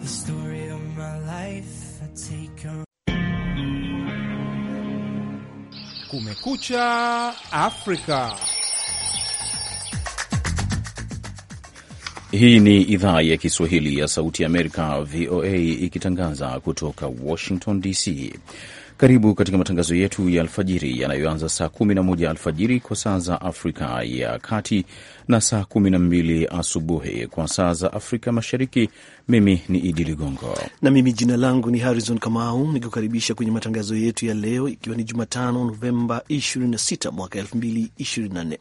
The story of my life, I take Kumekucha Afrika. Hii ni idhaa ya Kiswahili ya Sauti ya Amerika, VOA, ikitangaza kutoka Washington DC. Karibu katika matangazo yetu ya alfajiri yanayoanza saa 11 alfajiri kwa saa za Afrika ya Kati na saa 12 asubuhi kwa saa za Afrika Mashariki. Mimi ni Idi Ligongo na mimi jina langu ni Harrison Kamau, nikukaribisha kwenye matangazo yetu ya leo, ikiwa ni Jumatano Novemba 26 mwaka 2024.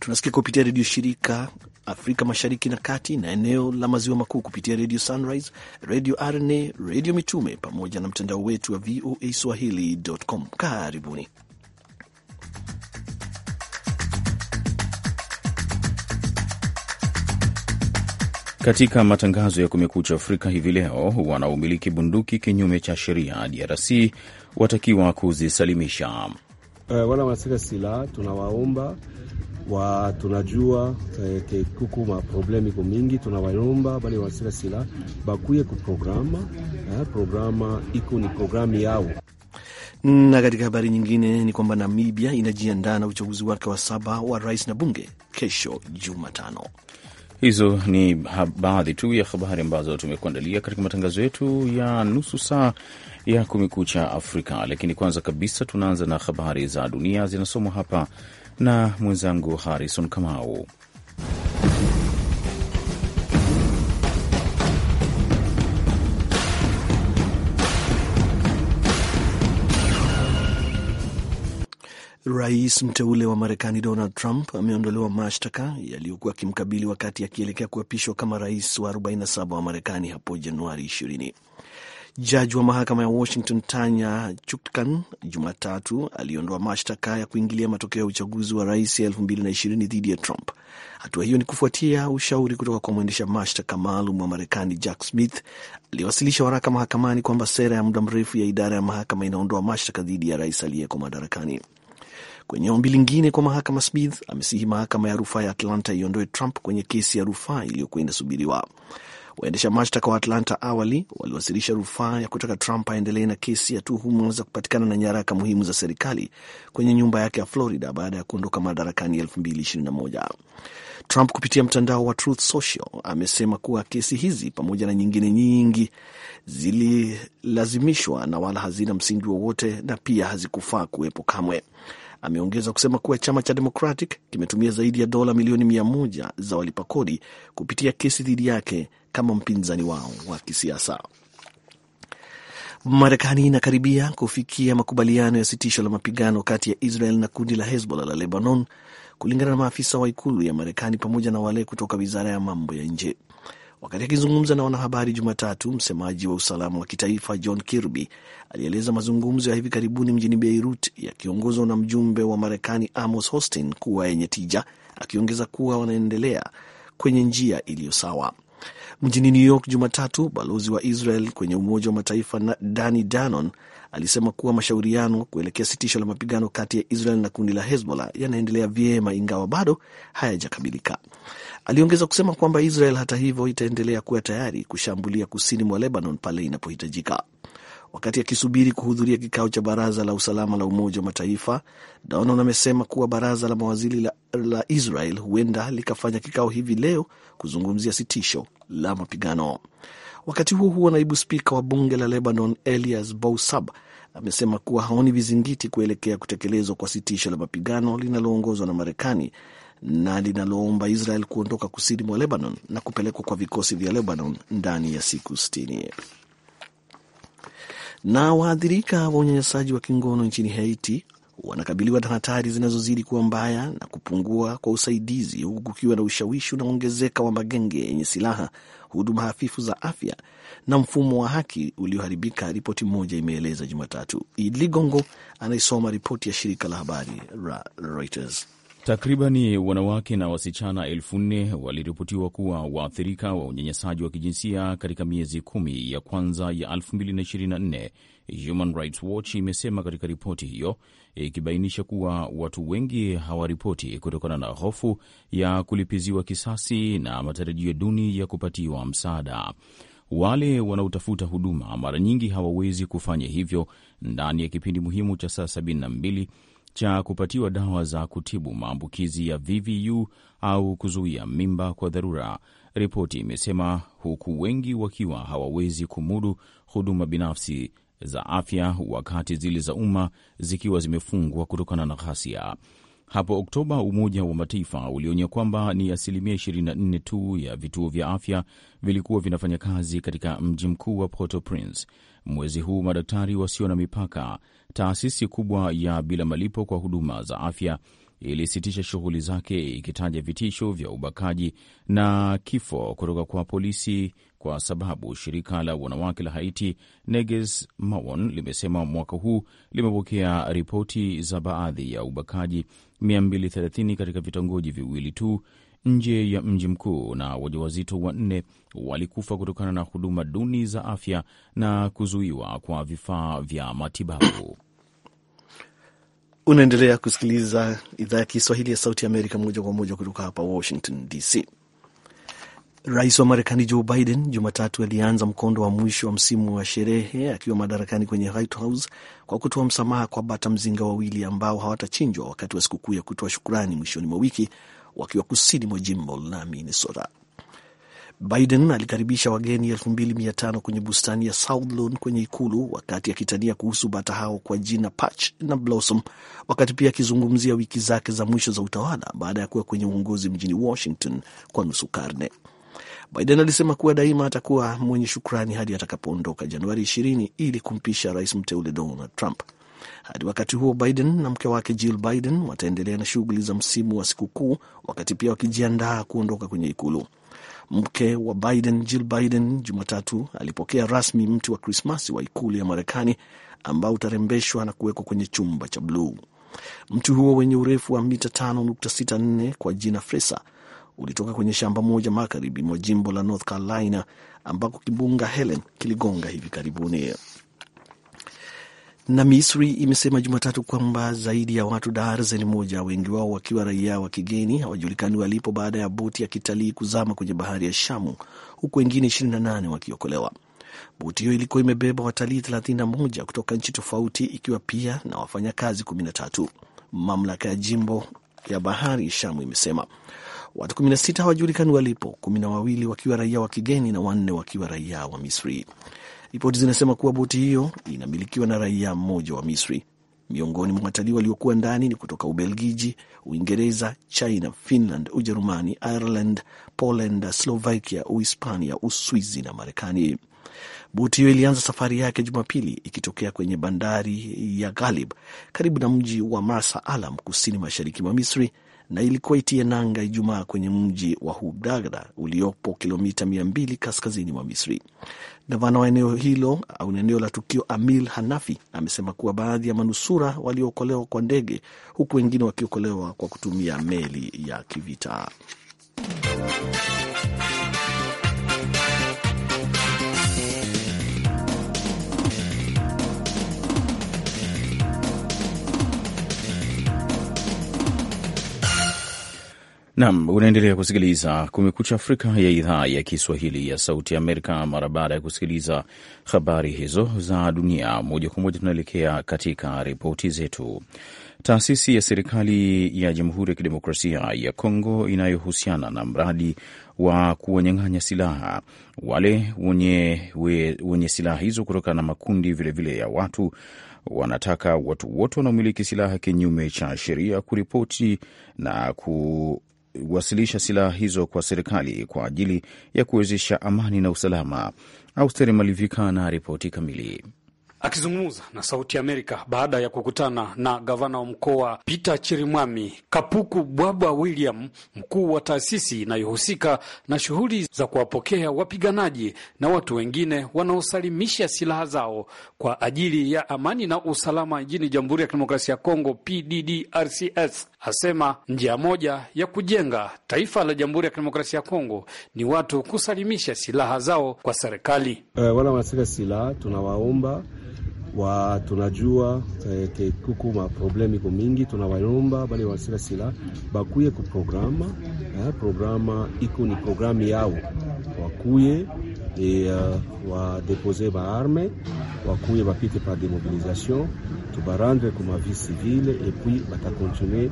Tunasikia kupitia redio shirika Afrika Mashariki na Kati na eneo la Maziwa Makuu kupitia Radio Sunrise, Radio RNA, Radio Mitume pamoja na mtandao wetu wa VOA Swahili.com. Karibuni. Katika matangazo ya Kumekucha Afrika hivi leo, wanaomiliki bunduki kinyume cha sheria DRC watakiwa kuzisalimisha. Uh, wale wanasika silaha tunawaomba wa tunajua eh, ke kuku maproblemu iko mingi, tunawalomba bale wasira sila bakuye kuprograma eh, programa iko ni programu yao. Na katika habari nyingine ni kwamba Namibia inajiandaa na uchaguzi wake wa saba wa rais na bunge kesho Jumatano. Hizo ni baadhi tu ya habari ambazo tumekuandalia katika matangazo yetu ya nusu saa ya Kumekucha Afrika, lakini kwanza kabisa tunaanza na habari za dunia zinasomwa hapa na mwenzangu Harrison Kamau. Rais mteule wa Marekani Donald Trump ameondolewa mashtaka yaliyokuwa akimkabili wakati akielekea kuapishwa kama rais wa 47 wa Marekani hapo Januari 20. Jaji wa mahakama ya Washington Tanya Chutkan Jumatatu aliondoa mashtaka ya kuingilia matokeo ya uchaguzi wa rais 2020 dhidi ya Trump. Hatua hiyo ni kufuatia ushauri kutoka kwa mwendesha mashtaka maalum wa Marekani Jack Smith aliyewasilisha waraka mahakamani kwamba sera ya muda mrefu ya idara ya mahakama inaondoa mashtaka dhidi ya rais aliyeko madarakani. Kwenye ombi lingine kwa mahakama, Smith amesihi mahakama ya rufaa ya Atlanta iondoe Trump kwenye kesi ya rufaa iliyokuwa inasubiriwa. Waendesha mashtaka wa Atlanta awali waliwasilisha rufaa ya kutaka Trump aendelee na kesi ya tuhuma za kupatikana na nyaraka muhimu za serikali kwenye nyumba yake ya Florida baada ya kuondoka madarakani 2021. Trump kupitia mtandao wa Truth Social amesema kuwa kesi hizi pamoja na nyingine nyingi zililazimishwa na wala hazina msingi wowote na pia hazikufaa kuwepo kamwe. Ameongeza kusema kuwa chama cha Democratic kimetumia zaidi ya dola milioni mia moja za walipa kodi kupitia kesi dhidi yake kama mpinzani wao wa kisiasa. Marekani inakaribia kufikia makubaliano ya sitisho la mapigano kati ya Israel na kundi la Hezbollah la Lebanon, kulingana na maafisa wa ikulu ya Marekani pamoja na wale kutoka wizara ya mambo ya nje. Wakati akizungumza na wanahabari Jumatatu, msemaji wa usalama wa kitaifa John Kirby alieleza mazungumzo ya hivi karibuni mjini Beirut yakiongozwa na mjumbe wa Marekani Amos Hostin kuwa yenye tija, akiongeza kuwa wanaendelea kwenye njia iliyo sawa. Mjini New York Jumatatu, balozi wa Israel kwenye Umoja wa Mataifa Dani Danon alisema kuwa mashauriano kuelekea sitisho la mapigano kati ya Israel na kundi la Hezbollah yanaendelea vyema ingawa bado hayajakamilika. Aliongeza kusema kwamba Israel hata hivyo itaendelea kuwa tayari kushambulia kusini mwa Lebanon pale inapohitajika. Wakati akisubiri kuhudhuria kikao cha baraza la usalama la Umoja wa Mataifa, Danon amesema kuwa baraza la mawaziri la, la Israel huenda likafanya kikao hivi leo kuzungumzia sitisho la mapigano. Wakati huo huo, naibu spika wa bunge la Lebanon Elias Bousab amesema kuwa haoni vizingiti kuelekea kutekelezwa kwa sitisho la mapigano linaloongozwa na Marekani na linaloomba Israel kuondoka kusini mwa Lebanon na kupelekwa kwa vikosi vya Lebanon ndani ya siku sitini. Na waathirika wa unyanyasaji wa kingono nchini Haiti wanakabiliwa na hatari zinazozidi kuwa mbaya na kupungua kwa usaidizi, huku kukiwa na ushawishi unaoongezeka wa magenge yenye silaha, huduma hafifu za afya na mfumo wa haki ulioharibika, ripoti moja imeeleza Jumatatu. Idi Ligongo anaisoma ripoti ya shirika la habari la Reuters. Takribani wanawake na wasichana elfu nne waliripotiwa kuwa waathirika wa unyanyasaji wa kijinsia katika miezi kumi ya kwanza ya 2024, Human Rights Watch imesema katika ripoti hiyo, ikibainisha kuwa watu wengi hawaripoti kutokana na hofu ya kulipiziwa kisasi na matarajio duni ya kupatiwa msaada. Wale wanaotafuta huduma mara nyingi hawawezi kufanya hivyo ndani ya kipindi muhimu cha saa 72 cha kupatiwa dawa za kutibu maambukizi ya VVU au kuzuia mimba kwa dharura, ripoti imesema, huku wengi wakiwa hawawezi kumudu huduma binafsi za afya, wakati zile za umma zikiwa zimefungwa kutokana na ghasia. Hapo Oktoba, Umoja wa Mataifa ulionya kwamba ni asilimia 24 tu ya vituo vya afya vilikuwa vinafanya kazi katika mji mkuu wa Port-au-Prince, Mwezi huu Madaktari Wasio na Mipaka, taasisi kubwa ya bila malipo kwa huduma za afya, ilisitisha shughuli zake ikitaja vitisho vya ubakaji na kifo kutoka kwa polisi kwa sababu shirika la wanawake la Haiti Neges Mawon limesema mwaka huu limepokea ripoti za baadhi ya ubakaji 230 katika vitongoji viwili tu nje ya mji mkuu na wajawazito wanne walikufa kutokana na huduma duni za afya na kuzuiwa kwa vifaa vya matibabu. Unaendelea kusikiliza idhaa ya Kiswahili ya Sauti Amerika moja kwa moja kutoka hapa Washington DC. Rais wa Marekani Joe Biden Jumatatu alianza mkondo wa mwisho wa msimu wa sherehe akiwa madarakani kwenye White House kwa kutoa msamaha kwa bata mzinga wawili ambao hawatachinjwa wakati wa sikukuu ya kutoa shukurani mwishoni mwa wiki, wakiwa kusini mwa jimbo la Minnesota. Biden alikaribisha wageni 2500 kwenye bustani ya South Lawn kwenye ikulu wakati akitania kuhusu bata hao kwa jina Patch na Blossom, wakati pia akizungumzia wiki zake za mwisho za utawala baada ya kuwa kwenye uongozi mjini Washington kwa nusu karne. Biden alisema kuwa daima atakuwa mwenye shukrani hadi atakapoondoka Januari 20 ili kumpisha rais mteule Donald Trump. Hadi wakati huo, Biden na mke wake Jill Biden wataendelea na shughuli za msimu wa sikukuu, wakati pia wakijiandaa kuondoka kwenye ikulu. Mke wa Biden, Jill Biden, Jumatatu alipokea rasmi mti wa Krismasi wa ikulu ya Marekani ambao utarembeshwa na kuwekwa kwenye chumba cha bluu. Mti huo wenye urefu wa mita 5.64 kwa jina Fresa ulitoka kwenye shamba moja magharibi mwa jimbo la North Carolina ambako kimbunga Helen kiligonga hivi karibuni. Na Misri imesema Jumatatu kwamba zaidi ya watu darzeni moja, wengi wao wakiwa raia wa kigeni, hawajulikani walipo baada ya boti ya kitalii kuzama kwenye bahari ya Shamu, huku wengine 28 wakiokolewa. Boti hiyo ilikuwa imebeba watalii 31 kutoka nchi tofauti, ikiwa pia na wafanyakazi 13. Mamlaka ya jimbo ya bahari Shamu imesema watu 16 hawajulikani walipo, kumi na wawili wakiwa raia wa kigeni na wanne wakiwa raia wa Misri. Ripoti zinasema kuwa boti hiyo inamilikiwa na raia mmoja wa Misri. Miongoni mwa watalii waliokuwa ndani ni kutoka Ubelgiji, Uingereza, China, Finland, Ujerumani, Ireland, Poland, Slovakia, Uhispania, Uswizi na Marekani. Boti hiyo ilianza safari yake Jumapili ikitokea kwenye bandari ya Galib karibu na mji wa Marsa Alam kusini mashariki mwa Misri na ilikuwa itie nanga Ijumaa kwenye mji wa Hurghada uliopo kilomita mia mbili kaskazini mwa Misri. Gavana wa eneo hilo au eneo la tukio Amil Hanafi amesema kuwa baadhi ya manusura waliookolewa kwa ndege, huku wengine wakiokolewa kwa kutumia meli ya kivita. Nam, unaendelea kusikiliza Kumekucha Afrika ya idhaa ya Kiswahili ya Sauti Amerika. Mara baada ya kusikiliza habari hizo za dunia, moja kwa moja tunaelekea katika ripoti zetu. Taasisi ya serikali ya Jamhuri ya Kidemokrasia ya Kongo inayohusiana na mradi wa kuwanyang'anya silaha wale wenye, we, wenye silaha hizo kutoka na makundi vilevile vile ya watu wanataka watu wote wanaomiliki silaha kinyume cha sheria kuripoti na ku kuwasilisha silaha hizo kwa serikali kwa ajili ya kuwezesha amani na usalama. Austeri Malivika na ripoti kamili. Akizungumza na Sauti ya Amerika baada ya kukutana na gavana wa mkoa Peter Chirimwami, Kapuku Bwabwa William, mkuu wa taasisi inayohusika na shughuli za kuwapokea wapiganaji na watu wengine wanaosalimisha silaha zao kwa ajili ya amani na usalama nchini Jamhuri ya Kidemokrasia ya Kongo, PDDRCS, asema njia moja ya kujenga taifa la Jamhuri ya Kidemokrasia ya Kongo ni watu kusalimisha silaha zao kwa serikali. Uh, eh, wala wanasika silaha tunawaomba wa tunajua eh, ke kuku problem iko mingi, tunawaomba bali wasira sila bakuye programa eh, programa iko ni programu yao wakuye e, uh, ba arme wakuye bapite par demobilisation tubarandre ku vie civile epuis batakontinue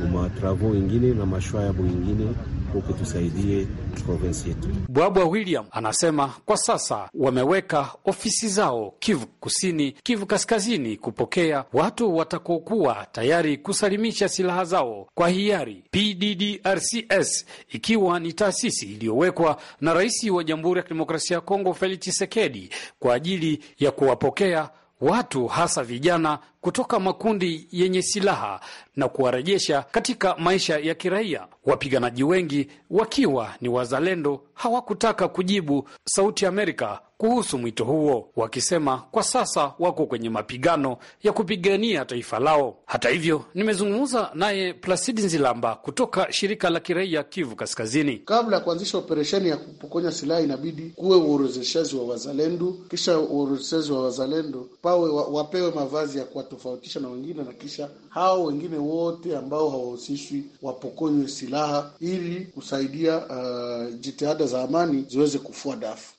kuma travaux ingine na mashwa yabo ingine Mungu tusaidie provensi yetu. Bwabwa William anasema kwa sasa wameweka ofisi zao Kivu Kusini, Kivu Kaskazini kupokea watu watakokuwa tayari kusalimisha silaha zao kwa hiari PDDRCS, ikiwa ni taasisi iliyowekwa na Rais wa Jamhuri ya Kidemokrasia ya Kongo Felix Tshisekedi kwa ajili ya kuwapokea watu hasa vijana kutoka makundi yenye silaha na kuwarejesha katika maisha ya kiraia. Wapiganaji wengi wakiwa ni wazalendo hawakutaka kujibu Sauti Amerika kuhusu mwito huo, wakisema kwa sasa wako kwenye mapigano ya kupigania taifa lao. Hata hivyo, nimezungumza naye Plasidi Nzilamba kutoka shirika la kiraia Kivu Kaskazini. Kabla ya kuanzisha operesheni ya kupokonya silaha, inabidi kuwe uorozeshaji wa wazalendo, kisha uorozeshaji wa wazalendo pawe wapewe mavazi ya kuwatu kutofautisha na wengine, na kisha hao wengine wote ambao hawahusishwi wapokonywe silaha ili kusaidia uh, jitihada za amani ziweze kufua dafu.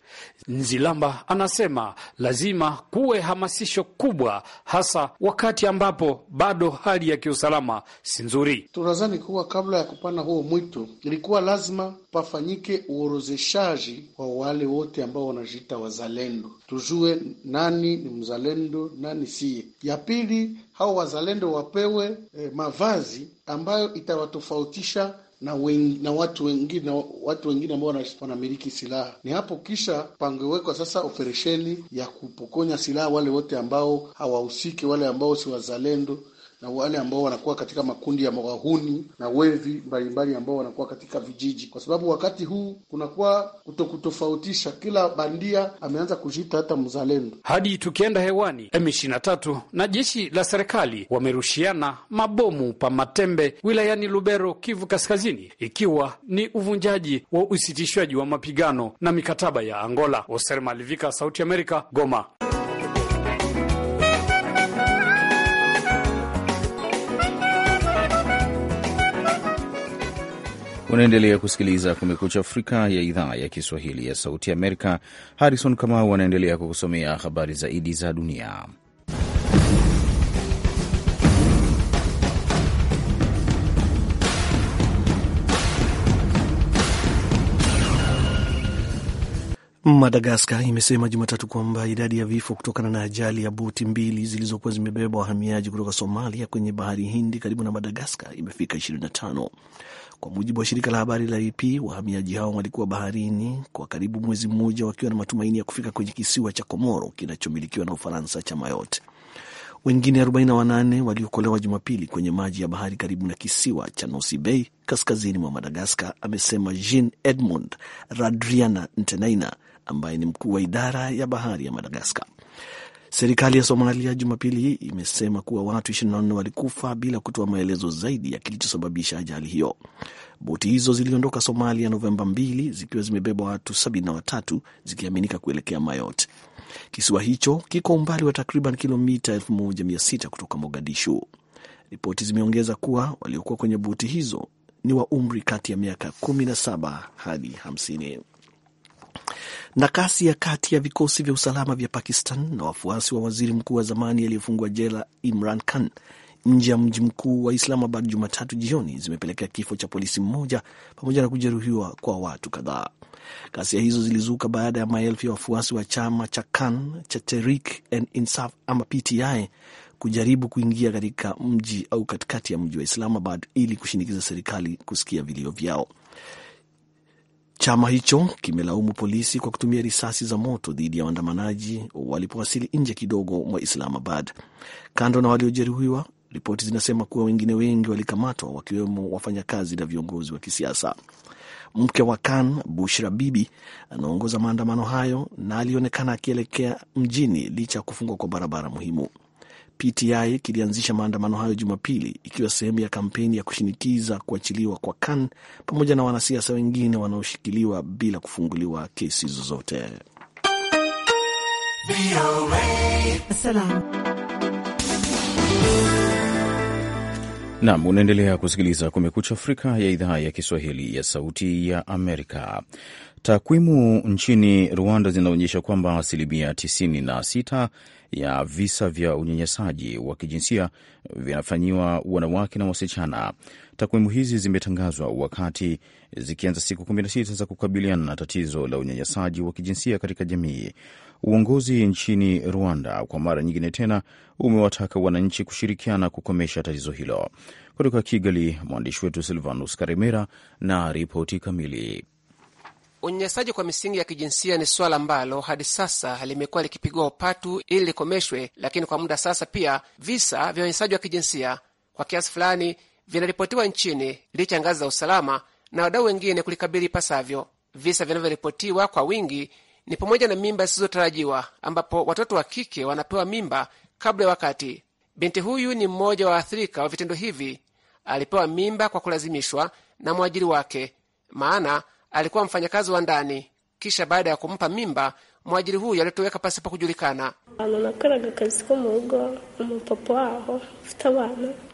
Nzilamba anasema lazima kuwe hamasisho kubwa, hasa wakati ambapo bado hali ya kiusalama si nzuri. tunazani kuwa kabla ya kupana huo mwito, ilikuwa lazima pafanyike uorozeshaji wa wale wote ambao wanajiita wazalendo, tujue nani ni mzalendo, nani siye. Ya pili, hao wazalendo wapewe eh, mavazi ambayo itawatofautisha na wen, na watu wengine watu wengine ambao wanamiliki silaha. Ni hapo kisha pangewekwa sasa operesheni ya kupokonya silaha wale wote ambao hawahusiki, wale ambao si wazalendo na wale ambao wanakuwa katika makundi ya mawahuni na wevi mbalimbali ambao wanakuwa katika vijiji, kwa sababu wakati huu kunakuwa kutokutofautisha, kila bandia ameanza kujita hata mzalendo. Hadi tukienda hewani, M23 na jeshi la serikali wamerushiana mabomu pa Matembe wilayani Lubero, Kivu Kaskazini, ikiwa ni uvunjaji wa usitishwaji wa mapigano na mikataba ya Angola. Oser Malivika, Sauti Amerika, Goma. Unaendelea kusikiliza Kumekucha Afrika ya idhaa ya Kiswahili ya Sauti Amerika. Harrison Kamau anaendelea kukusomea habari zaidi za dunia. Madagaskar imesema Jumatatu kwamba idadi ya vifo kutokana na ajali ya boti mbili zilizokuwa zimebeba wahamiaji kutoka Somalia kwenye bahari Hindi karibu na Madagaskar imefika 25. Kwa mujibu wa shirika la habari la AP, wahamiaji hao walikuwa baharini kwa karibu mwezi mmoja wakiwa na matumaini ya kufika kwenye kisiwa cha Komoro kinachomilikiwa na Ufaransa cha Mayotte. Wengine 48 waliokolewa Jumapili kwenye maji ya bahari karibu na kisiwa cha Nosy bey kaskazini mwa Madagaskar, amesema Jean Edmond Radriana Ntenaina ambaye ni mkuu wa idara ya bahari ya Madagaskar. Serikali ya Somalia Jumapili hii imesema kuwa watu 24 walikufa bila kutoa maelezo zaidi ya kilichosababisha ajali hiyo. Boti hizo ziliondoka Somalia Novemba 2 zikiwa zimebeba watu 73 zikiaminika kuelekea Mayotte. Kisiwa hicho kiko umbali wa takriban kilomita 1600 kutoka Mogadishu. Ripoti zimeongeza kuwa waliokuwa kwenye boti hizo ni wa umri kati ya miaka 17 hadi 50 na kasi ya kati ya vikosi vya usalama vya Pakistan na wafuasi wa waziri mkuu wa zamani aliyefungwa jela Imran Khan nje ya mji mkuu wa Islamabad Jumatatu jioni zimepelekea kifo cha polisi mmoja pamoja na kujeruhiwa kwa watu kadhaa. Ghasia hizo zilizuka baada ya maelfu ya wafuasi wa chama cha Khan cha Tehreek and Insaf ama PTI kujaribu kuingia katika mji au katikati ya mji wa Islamabad ili kushinikiza serikali kusikia vilio vyao. Chama hicho kimelaumu polisi kwa kutumia risasi za moto dhidi ya waandamanaji walipowasili nje kidogo mwa Islamabad. Kando na waliojeruhiwa, ripoti zinasema kuwa wengine wengi walikamatwa, wakiwemo wafanyakazi na viongozi wa kisiasa. Mke wa Khan, Bushra Bibi, anaongoza maandamano hayo na alionekana akielekea mjini licha ya kufungwa kwa barabara muhimu. PTI kilianzisha maandamano hayo Jumapili ikiwa sehemu ya kampeni ya kushinikiza kuachiliwa kwa Khan pamoja na wanasiasa wengine wanaoshikiliwa bila kufunguliwa kesi zozote. Nam unaendelea kusikiliza Kumekucha Afrika ya idhaa ya Kiswahili ya Sauti ya Amerika. Takwimu nchini Rwanda zinaonyesha kwamba asilimia 96 ya visa vya unyanyasaji wa kijinsia vinafanyiwa wanawake na wasichana. Takwimu hizi zimetangazwa wakati zikianza siku 16 za kukabiliana na tatizo la unyanyasaji wa kijinsia katika jamii. Uongozi nchini Rwanda kwa mara nyingine tena umewataka wananchi kushirikiana kukomesha tatizo hilo. Kutoka Kigali, mwandishi wetu Silvanus Karemera na ripoti kamili. Unyanyasaji kwa misingi ya kijinsia ni swala ambalo hadi sasa limekuwa likipigwa upatu ili likomeshwe, lakini kwa muda sasa pia visa vya unyanyasaji wa kijinsia kwa kiasi fulani vinaripotiwa nchini licha ya ngazi za usalama na wadau wengine kulikabili ipasavyo. Visa vinavyoripotiwa kwa wingi ni pamoja na mimba zisizotarajiwa ambapo watoto wa kike wanapewa mimba kabla ya wakati. Binti huyu ni mmoja wa waathirika wa vitendo hivi. Alipewa mimba kwa kulazimishwa na mwajiri wake, maana alikuwa mfanyakazi wa ndani. Kisha baada ya kumpa mimba, mwajiri huyu alitoweka pasipo kujulikana.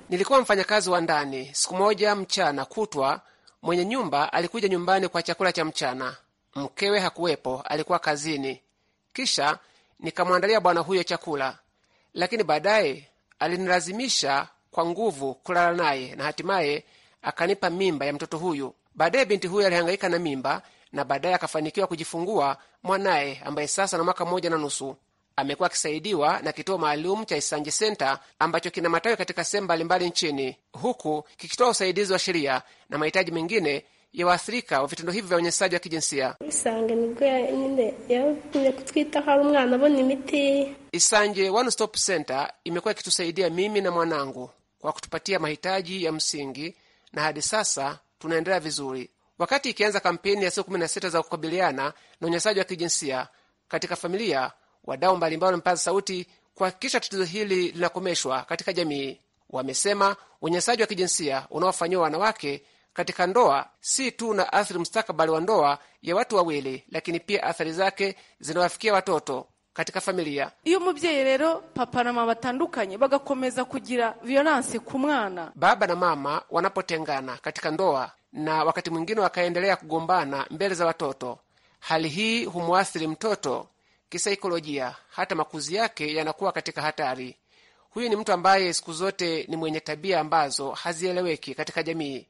Nilikuwa mfanyakazi wa ndani. Siku moja mchana kutwa, mwenye nyumba alikuja nyumbani kwa chakula cha mchana. Mkewe hakuwepo, alikuwa kazini. Kisha nikamwandalia bwana huyo chakula, lakini baadaye alinilazimisha kwa nguvu kulala naye na hatimaye akanipa mimba ya mtoto huyu. Baadaye binti huyo alihangaika na mimba na baadaye akafanikiwa kujifungua mwanaye ambaye sasa na mwaka mmoja na nusu. Amekuwa akisaidiwa na kituo maalum cha Isanje senta ambacho kina matawi katika sehemu mbalimbali nchini, huku kikitoa usaidizi wa sheria na mahitaji mengine ya waathirika wa vitendo hivi vya unyanyasaji wa kijinsia. Isanje One Stop Center imekuwa ikitusaidia mimi na mwanangu kwa kutupatia mahitaji ya msingi, na hadi sasa tunaendelea vizuri. Wakati ikianza kampeni ya siku 16 za kukabiliana na unyanyasaji wa kijinsia katika familia, wadau mbalimbali wamepaza sauti kuhakikisha tatizo hili linakomeshwa katika jamii. Wamesema unyanyasaji wa kijinsia unaofanyiwa wanawake katika ndoa si tu na athiri mustakabali wa ndoa ya watu wawili, lakini pia athari zake zinawafikia watoto katika familia iyo mubyeyi rero papa na mama batandukanye bagakomeza kugira violence ku mwana baba na mama wanapotengana katika ndoa na wakati mwingine wakaendelea kugombana mbele za watoto hali hii humwathiri mtoto kisaikolojia hata makuzi yake yanakuwa katika hatari huyu ni mtu ambaye siku zote ni mwenye tabia ambazo hazieleweki katika jamii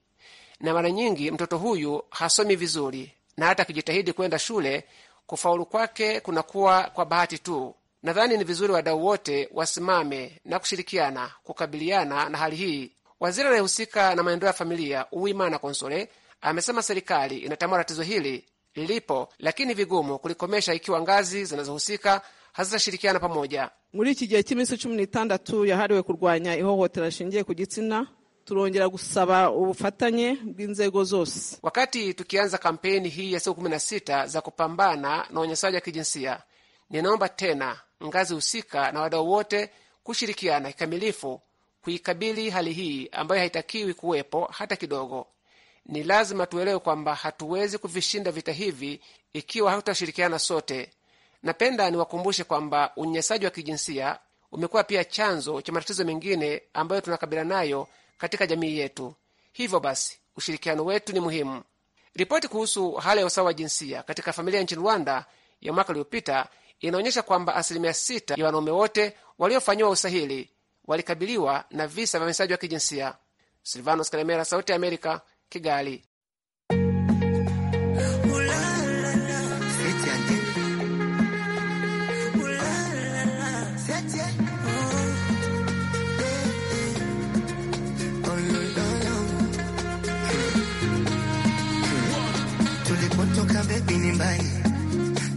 na mara nyingi mtoto huyu hasomi vizuri na hata akijitahidi kwenda shule kufaulu kwake kunakuwa kwa bahati tu. Nadhani ni vizuri wadau wote wasimame na kushirikiana kukabiliana na hali hii. Waziri anayehusika na maendeleo ya familia, Uwimana Konsole, amesema serikali inatambua tatizo hili lilipo, lakini vigumu kulikomesha ikiwa ngazi zinazohusika hazitashirikiana pamoja muri iki gihe cy'iminsi cumi n'itandatu yahariwe kurwanya ihohotera rishingiye ku gitsina turongera gusaba ubufatanye bw'inzego zose. Wakati tukianza kampeni hii ya siku kumi na sita za kupambana na unyanyasaji wa kijinsia, ninaomba tena ngazi husika na wadau wote kushirikiana kikamilifu kuikabili hali hii ambayo haitakiwi kuwepo hata kidogo. Ni lazima tuelewe kwamba hatuwezi kuvishinda vita hivi ikiwa hatutashirikiana sote. Napenda niwakumbushe kwamba unyanyasaji wa kijinsia umekuwa pia chanzo cha matatizo mengine ambayo tunakabiliana nayo katika jamii yetu. Hivyo basi ushirikiano wetu ni muhimu. Ripoti kuhusu hali ya usawa wa jinsia katika familia nchini Rwanda ya mwaka uliopita inaonyesha kwamba asilimia sita ya wanaume wote waliofanyiwa usahili walikabiliwa na visa vya unyanyasaji wa kijinsia. Silvanos Kalemera, Sauti ya Amerika, Kigali. bebi ni mbali,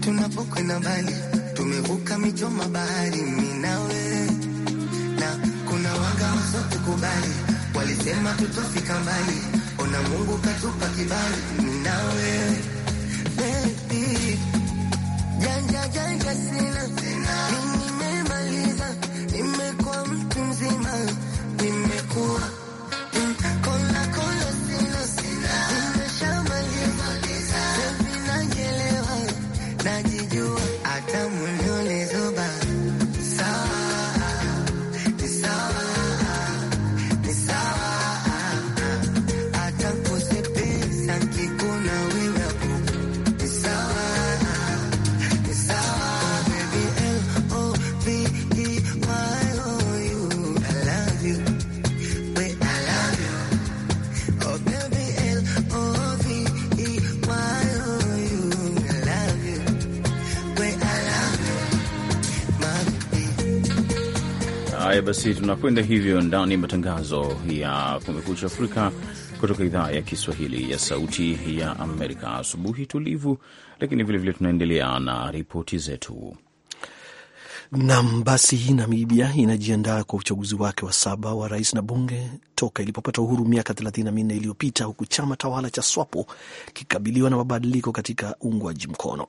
tunapokwenda mbali, tumevuka michoma bahari, mimi nawe na kuna wanga wasote kubali, walisema tutofika mbali, ona Mungu katupa kibali, mimi nawe bebi, janja janja sina, nimemaliza, nimekuwa basi tunakwenda hivyo ndani ya matangazo ya Kumekucha Afrika kutoka idhaa ya Kiswahili ya Sauti ya Amerika. Asubuhi tulivu, lakini vilevile tunaendelea na ripoti zetu. Nam, basi Namibia inajiandaa kwa uchaguzi wake wa saba wa rais na bunge toka ilipopata uhuru miaka thelathini minne iliyopita huku chama tawala cha SWAPO kikabiliwa na mabadiliko katika uungwaji mkono.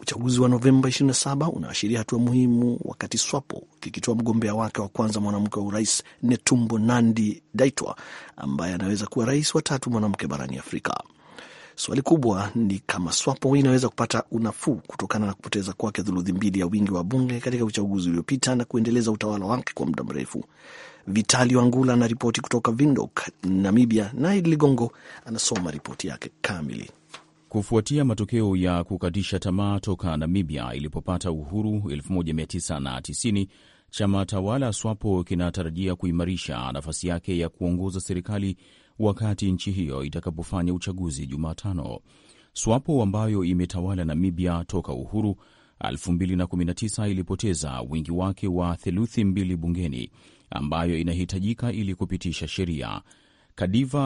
Uchaguzi wa Novemba 27 unaashiria hatua muhimu, wakati SWAPO kikitoa mgombea wake wa kwanza mwanamke wa urais Netumbo Nandi Daitwa ambaye anaweza kuwa rais wa tatu mwanamke barani Afrika. Swali kubwa ni kama SWAPO inaweza kupata unafuu kutokana na kupoteza kwake thuluthi mbili ya wingi wa bunge katika uchaguzi uliopita na kuendeleza utawala wake kwa muda mrefu. Vitali Wangula anaripoti kutoka vindo Namibia, na Idi Ligongo anasoma ripoti yake kamili. Kufuatia matokeo ya kukatisha tamaa toka Namibia ilipopata uhuru 1990 chama tawala SWAPO kinatarajia kuimarisha nafasi yake ya kuongoza serikali wakati nchi hiyo itakapofanya uchaguzi Jumatano. SWAPO ambayo imetawala Namibia toka uhuru 2019 ilipoteza wingi wake wa theluthi mbili bungeni ambayo inahitajika ili kupitisha sheria. Kadiva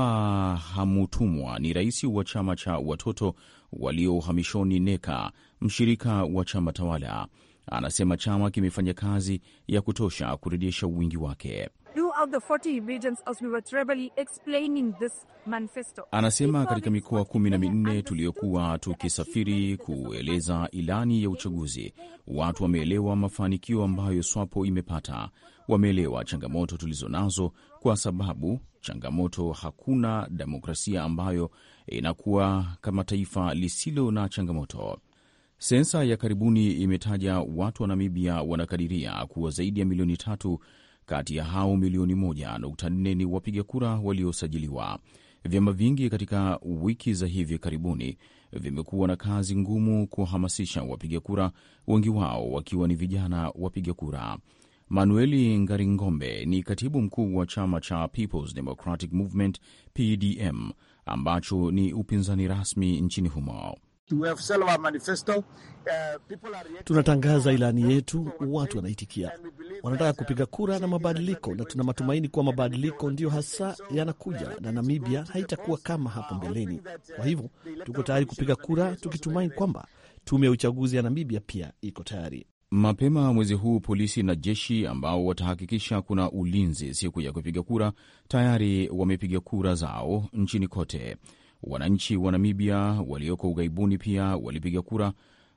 Hamutumwa ni rais wa chama cha watoto walio uhamishoni NECA, mshirika wa chama tawala, anasema chama kimefanya kazi ya kutosha kurejesha wingi wake throughout the 40 regions as we were traveling explaining this manifesto. Anasema katika mikoa kumi na minne tuliyokuwa tukisafiri kueleza ilani ya uchaguzi, watu wameelewa mafanikio ambayo SWAPO imepata, wameelewa changamoto tulizo nazo kwa sababu changamoto, hakuna demokrasia ambayo inakuwa kama taifa lisilo na changamoto. Sensa ya karibuni imetaja watu wa Namibia wanakadiria kuwa zaidi ya milioni tatu kati ya hao milioni 1.4 ni wapiga kura waliosajiliwa. Vyama vingi katika wiki za hivi karibuni vimekuwa na kazi ngumu kuhamasisha wapiga kura, wengi wao wakiwa ni vijana wapiga kura. Manueli Ngaringombe ni katibu mkuu wa chama cha People's Democratic Movement, PDM, ambacho ni upinzani rasmi nchini humo. Uh, Tunatangaza ilani yetu, watu wanaitikia, wanataka uh, kupiga kura na mabadiliko, na tuna matumaini kuwa mabadiliko ndiyo hasa yanakuja, na Namibia haitakuwa kama hapo mbeleni. Uh, Kwa hivyo tuko tayari kupiga kura, tukitumaini kwamba tume ya uchaguzi ya Namibia pia iko tayari. Mapema mwezi huu polisi na jeshi ambao watahakikisha kuna ulinzi siku ya kupiga kura tayari wamepiga kura zao nchini kote. Wananchi wa Namibia walioko ughaibuni pia walipiga kura,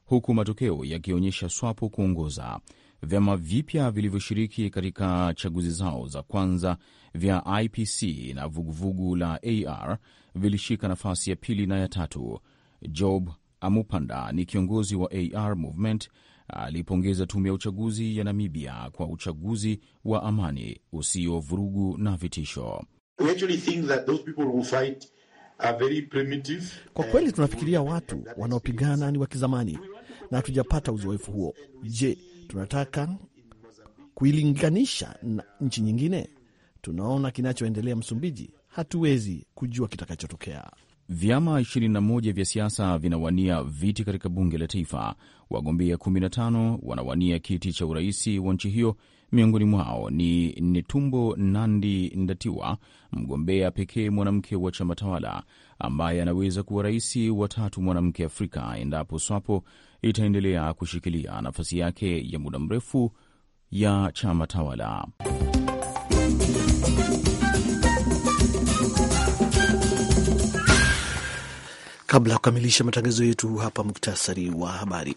huku matokeo yakionyesha Swapo kuongoza. Vyama vipya vilivyoshiriki katika chaguzi zao za kwanza vya IPC na vuguvugu vugu la AR vilishika nafasi ya pili na ya tatu. Job Amupanda ni kiongozi wa AR Movement alipongeza tume ya uchaguzi ya Namibia kwa uchaguzi wa amani usio vurugu na vitisho. We actually think that those people fight kwa kweli tunafikiria watu wanaopigana ni wa kizamani na hatujapata uzoefu huo. Je, tunataka kuilinganisha na nchi nyingine? Tunaona kinachoendelea Msumbiji, hatuwezi kujua kitakachotokea. Vyama 21 vya siasa vinawania viti katika bunge la taifa. Wagombea 15 wanawania kiti cha uraisi wa nchi hiyo Miongoni mwao ni Netumbo Nandi Ndatiwa, mgombea pekee mwanamke wa chama tawala, ambaye anaweza kuwa rais wa tatu mwanamke Afrika endapo SWAPO itaendelea kushikilia nafasi yake ya muda mrefu ya chama tawala. Kabla ya kukamilisha matangazo yetu hapa, muktasari wa habari.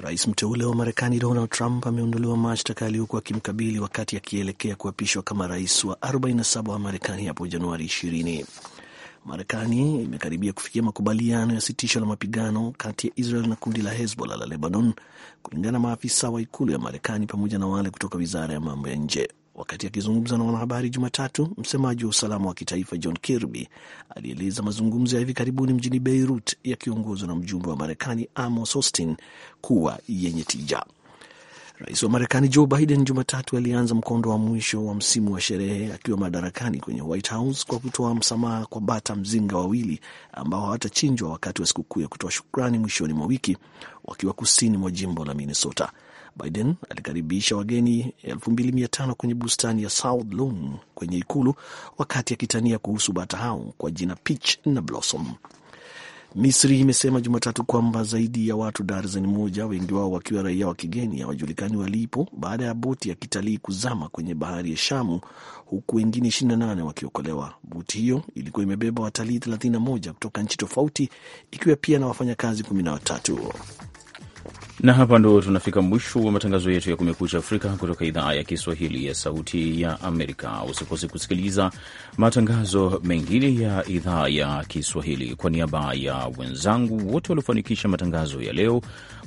Rais mteule wa Marekani Donald Trump ameondolewa mashtaka yaliyokuwa akimkabili wakati akielekea kuapishwa kama rais wa 47 wa Marekani hapo Januari 20. Marekani imekaribia kufikia makubaliano ya sitisho la mapigano kati ya Israel na kundi la Hezbollah la Lebanon, kulingana na maafisa wa ikulu ya Marekani pamoja na wale kutoka wizara ya mambo ya nje. Wakati akizungumza na wanahabari Jumatatu, msemaji wa usalama wa kitaifa John Kirby alieleza mazungumzo ya hivi karibuni mjini Beirut yakiongozwa na mjumbe wa Marekani Amos Austin kuwa yenye tija. Rais wa Marekani Joe Biden Jumatatu alianza mkondo wa mwisho wa msimu wa sherehe akiwa madarakani kwenye White House kwa kutoa msamaha kwa bata mzinga wawili ambao hawatachinjwa wakati wa sikukuu ya kutoa shukrani mwishoni mwa wiki wakiwa kusini mwa jimbo la Minnesota. Biden alikaribisha wageni 2500 kwenye bustani ya South Lawn kwenye ikulu wakati akitania kuhusu bata hao kwa jina Peach na Blossom. Misri imesema Jumatatu kwamba zaidi ya watu darzeni moja, wengi wao wakiwa raia wa kigeni, hawajulikani walipo baada ya boti ya kitalii kuzama kwenye bahari ya Shamu, huku wengine 28 wakiokolewa. Boti hiyo ilikuwa imebeba watalii 31 kutoka nchi tofauti, ikiwa pia na wafanyakazi 13 na hapa ndo tunafika mwisho wa matangazo yetu ya Kumekucha Afrika kutoka idhaa ya Kiswahili ya Sauti ya Amerika. Usikose kusikiliza matangazo mengine ya idhaa ya Kiswahili. Kwa niaba ya wenzangu wote waliofanikisha matangazo ya leo,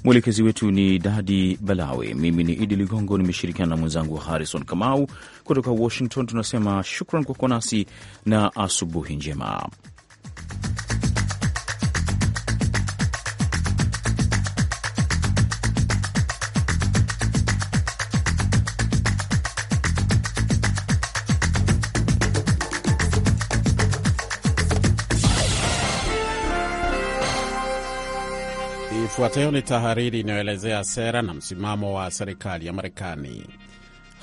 mwelekezi wetu ni Dadi Balawe, mimi ni Idi Ligongo, nimeshirikiana na mwenzangu Harrison Kamau kutoka Washington. Tunasema shukran kwa kuwa nasi na asubuhi njema. Ifuatayo ni tahariri inayoelezea sera na msimamo wa serikali ya Marekani.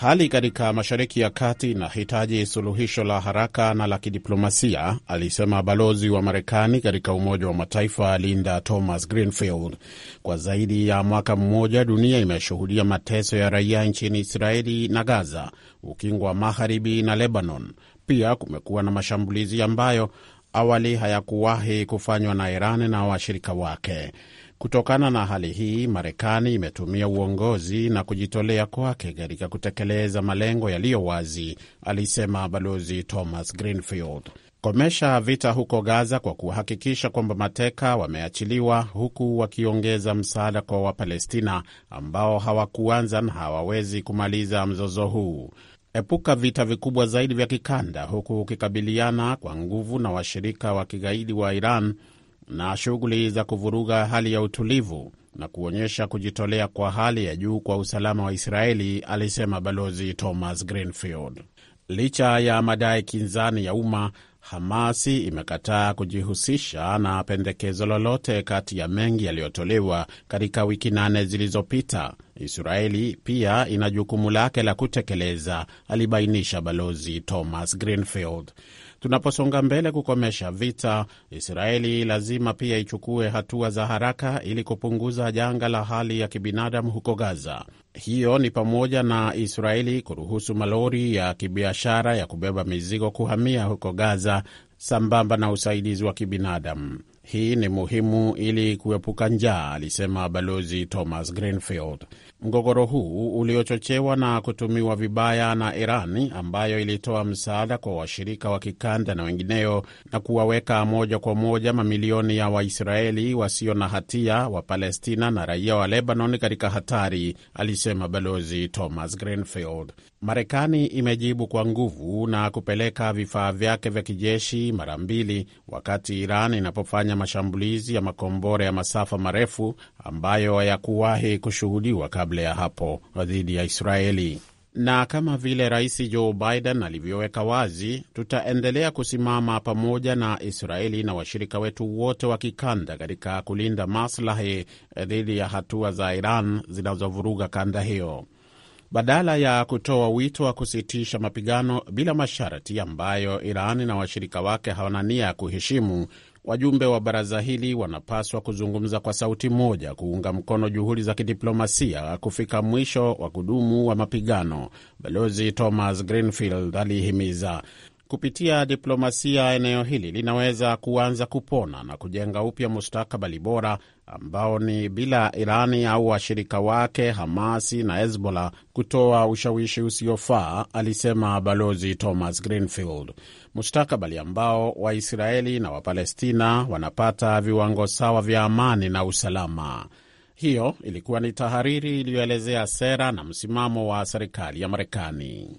Hali katika Mashariki ya Kati inahitaji suluhisho la haraka na la kidiplomasia, alisema balozi wa Marekani katika Umoja wa Mataifa Linda Thomas Greenfield. Kwa zaidi ya mwaka mmoja, dunia imeshuhudia mateso ya raia nchini Israeli na Gaza, Ukingo wa Magharibi na Lebanon. Pia kumekuwa na mashambulizi ambayo awali hayakuwahi kufanywa na Iran na washirika wake. Kutokana na hali hii, Marekani imetumia uongozi na kujitolea kwake katika kutekeleza malengo yaliyo wazi, alisema Balozi Thomas Greenfield. Komesha vita huko Gaza kwa kuhakikisha kwamba mateka wameachiliwa, huku wakiongeza msaada kwa Wapalestina ambao hawakuanza na hawawezi kumaliza mzozo huu. Epuka vita vikubwa zaidi vya kikanda, huku ukikabiliana kwa nguvu na washirika wa kigaidi wa Iran na shughuli za kuvuruga hali ya utulivu na kuonyesha kujitolea kwa hali ya juu kwa usalama wa Israeli, alisema Balozi Thomas Greenfield. Licha ya madai kinzani ya umma, Hamasi imekataa kujihusisha na pendekezo lolote kati ya mengi yaliyotolewa katika wiki nane zilizopita. Israeli pia ina jukumu lake la kutekeleza, alibainisha Balozi Thomas Greenfield. Tunaposonga mbele kukomesha vita, Israeli lazima pia ichukue hatua za haraka ili kupunguza janga la hali ya kibinadamu huko Gaza. Hiyo ni pamoja na Israeli kuruhusu malori ya kibiashara ya kubeba mizigo kuhamia huko Gaza sambamba na usaidizi wa kibinadamu. Hii ni muhimu ili kuepuka njaa, alisema Balozi Thomas Greenfield. Mgogoro huu uliochochewa na kutumiwa vibaya na Irani, ambayo ilitoa msaada kwa washirika wa kikanda na wengineo na kuwaweka moja kwa moja mamilioni ya Waisraeli wasio na hatia wa Palestina na raia wa Lebanon katika hatari, alisema Balozi Thomas Greenfield. Marekani imejibu kwa nguvu na kupeleka vifaa vyake vya kijeshi mara mbili wakati Iran inapofanya mashambulizi ya makombora ya masafa marefu ambayo hayakuwahi kushuhudiwa kabla ya hapo dhidi ya Israeli. Na kama vile Rais Joe Biden alivyoweka wazi, tutaendelea kusimama pamoja na Israeli na washirika wetu wote wa kikanda katika kulinda maslahi eh, dhidi ya hatua za Iran zinazovuruga kanda hiyo badala ya kutoa wito wa kusitisha mapigano bila masharti ambayo iran na washirika wake hawana nia ya kuheshimu. Wajumbe wa baraza hili wanapaswa kuzungumza kwa sauti moja kuunga mkono juhudi za kidiplomasia kufika mwisho wa kudumu wa mapigano, Balozi Thomas Greenfield alihimiza kupitia diplomasia, eneo hili linaweza kuanza kupona na kujenga upya mustakabali bora ambao ni bila Irani au washirika wake Hamasi na Hezbollah kutoa ushawishi usiofaa, alisema Balozi Thomas Greenfield, mustakabali ambao Waisraeli na Wapalestina wanapata viwango sawa vya amani na usalama. Hiyo ilikuwa ni tahariri iliyoelezea sera na msimamo wa serikali ya Marekani.